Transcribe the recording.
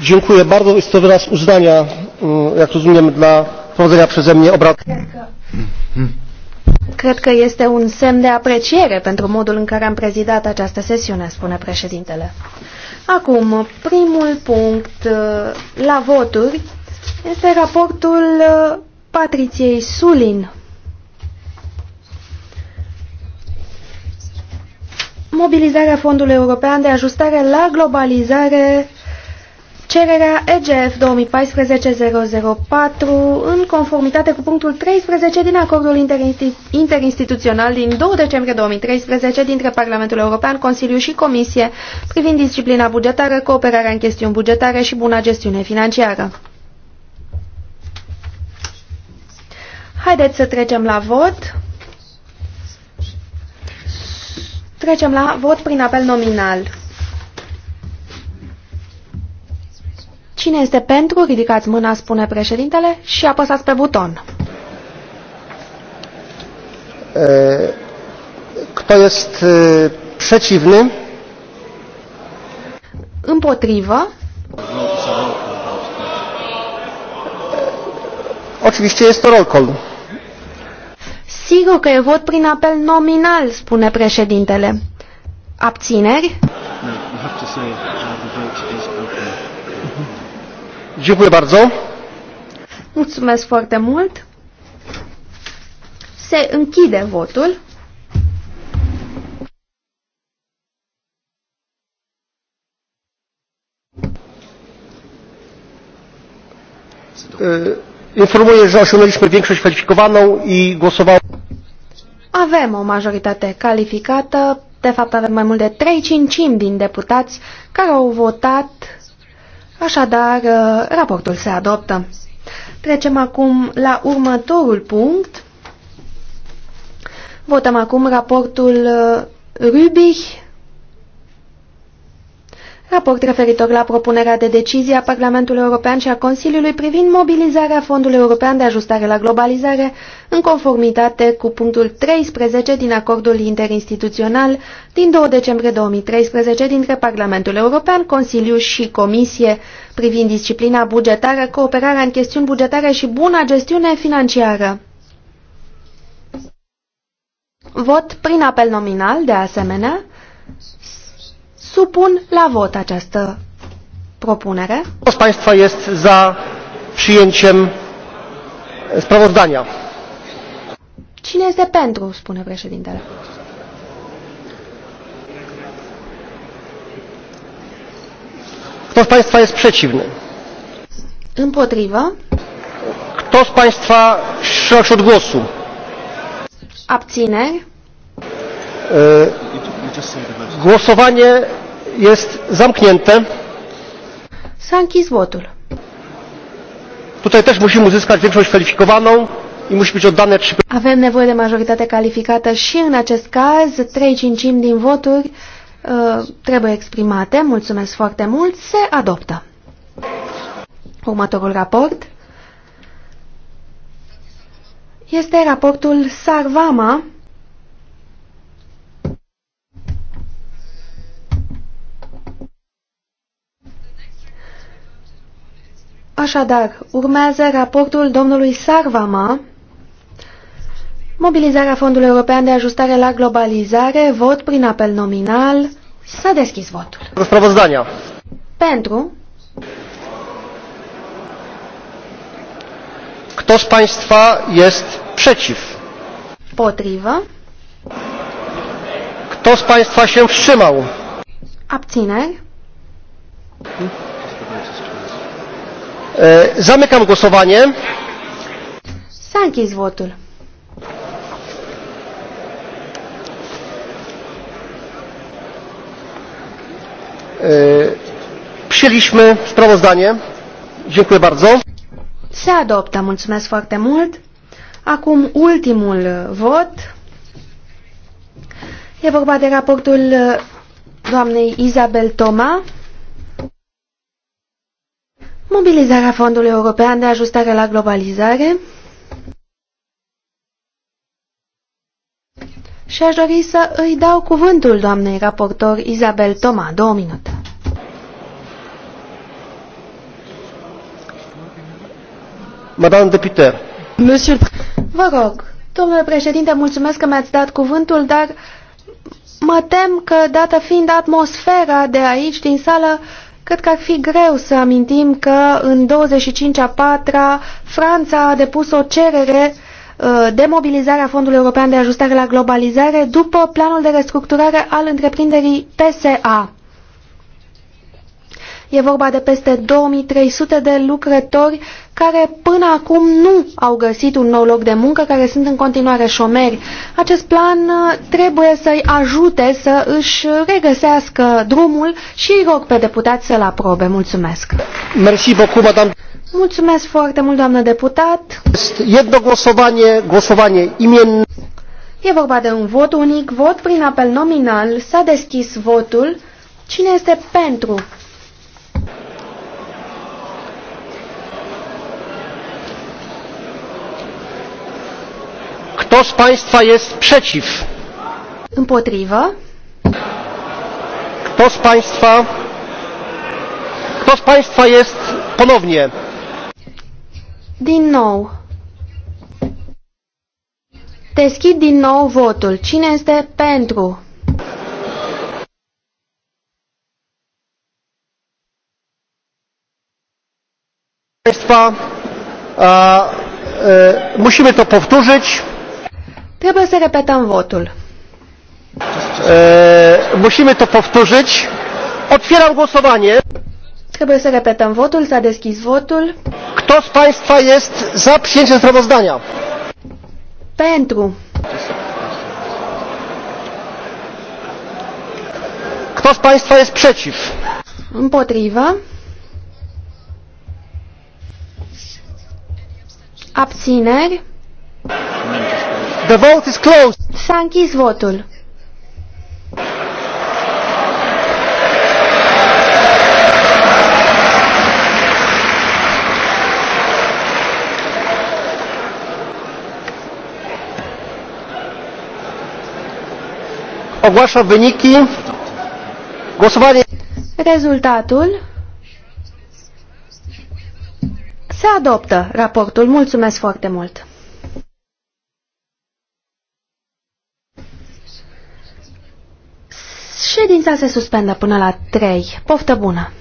Dziękuję bardzo. Jest to wyraz uznania, mm, jak rozumiem, dla prowadzenia przeze mnie obrad. Cred că este un semn de apreciere pentru modul în care am prezidat această sesiune, spune președintele. Acum, primul punct la voturi este raportul Patriției Sulin. mobilizarea Fondului European de Ajustare la Globalizare, cererea EGF 2014-004, în conformitate cu punctul 13 din acordul interinstituțional din 2 decembrie 2013 dintre Parlamentul European, Consiliu și Comisie privind disciplina bugetară, cooperarea în chestiuni bugetare și buna gestiune financiară. Haideți să trecem la vot. Trecem la vot prin apel nominal. Cine este pentru, ridicați mâna, spune președintele, și apăsați pe buton. Kto jest przeciwny? Împotrivă. Oczywiście jest to roll call. Sigur că e vot prin apel nominal, spune președintele. Abțineri? Dziękuję bardzo. Mulțumesc foarte mult. Se închide votul. informuję że osiągnęliśmy większość kwalifikowaną i głosowało. Avem o majoritate calificată, de fapt avem mai mult de 3 cincimi din deputați care au votat, așadar uh, raportul se adoptă. Trecem acum la următorul punct. Votăm acum raportul uh, Rübich Raport referitor la propunerea de decizie a Parlamentului European și a Consiliului privind mobilizarea Fondului European de Ajustare la Globalizare în conformitate cu punctul 13 din acordul interinstituțional din 2 decembrie 2013 dintre Parlamentul European, Consiliu și Comisie privind disciplina bugetară, cooperarea în chestiuni bugetare și buna gestiune financiară. Vot prin apel nominal, de asemenea, Supun la vot această propunere. Toți Państwa jest za przyjęciem sprawozdania? Cine este pentru, spune președintele. Kto z Państwa jest przeciwny? Împotrivă. Kto z Państwa wstrzymał się od głosu? Abțineri. E, Głosowanie este zamknięte. S-a închis votul. Tutaj też musimy uzyskać większość kwalifikowaną i musi być oddane 3... Avem nevoie de majoritate calificată și în acest caz, 3 cincimi din voturi uh, trebuie exprimate. Mulțumesc foarte mult. Se adoptă. Următorul raport este raportul Sarvama Așadar, urmează raportul domnului Sarvama, mobilizarea Fondului European de Ajustare la Globalizare, vot prin apel nominal. S-a deschis votul. Sprawozdania. Pentru. Kto z Państwa jest przeciw? Potriwa. Kto z Państwa się wstrzymał? Abciner. Hmm? Zamykam głosowanie. S-a închis votul. Przyjęliśmy sprawozdanie. Dziękuję bardzo. Se adoptă. Mulțumesc foarte mult. Acum ultimul vot. E vorba de raportul doamnei Isabel Toma. Mobilizarea Fondului European de Ajustare la Globalizare și aș dori să îi dau cuvântul doamnei raportor Isabel Toma. Două minute. Madame Deputer. Monsieur... Vă rog, domnule președinte, mulțumesc că mi-ați dat cuvântul, dar mă tem că, dată fiind atmosfera de aici, din sală, uh, Cred că ar fi greu să amintim că în 25 a patra Franța a depus o cerere uh, de mobilizare a Fondului European de Ajustare la Globalizare după planul de restructurare al întreprinderii PSA. E vorba de peste 2300 de lucrători care până acum nu au găsit un nou loc de muncă, care sunt în continuare șomeri. Acest plan uh, trebuie să-i ajute să își regăsească drumul și îi rog pe deputat să-l aprobe. Mulțumesc! Merci beaucoup, madame. Mulțumesc foarte mult, doamnă deputat. Este głosowanie, glosovanie. Imien. E vorba de un vot unic, vot prin apel nominal. S-a deschis votul. Cine este pentru z Państwa jest przeciw? Împotrivă. Kto z Państwa? Kto z Państwa jest ponownie? Din nou. Deschid din nou votul. Cine este pentru? Państwa, uh, uh, musimy to powtórzyć. Trebuie să repetăm votul. E, musimy to powtórzyć. Otwieram głosowanie. Trebuie să repetăm votul, s-a deschis votul. Kto z Państwa jest za przyjęciem sprawozdania? Pentru. Kto z Państwa jest przeciw? Împotriva. Abțineri. The vote is closed. S-a închis votul. Ogłaszam wyniki. Głosowanie. Rezultatul. Se adoptă raportul. Mulțumesc foarte mult. Ședința se suspendă până la 3. Poftă bună!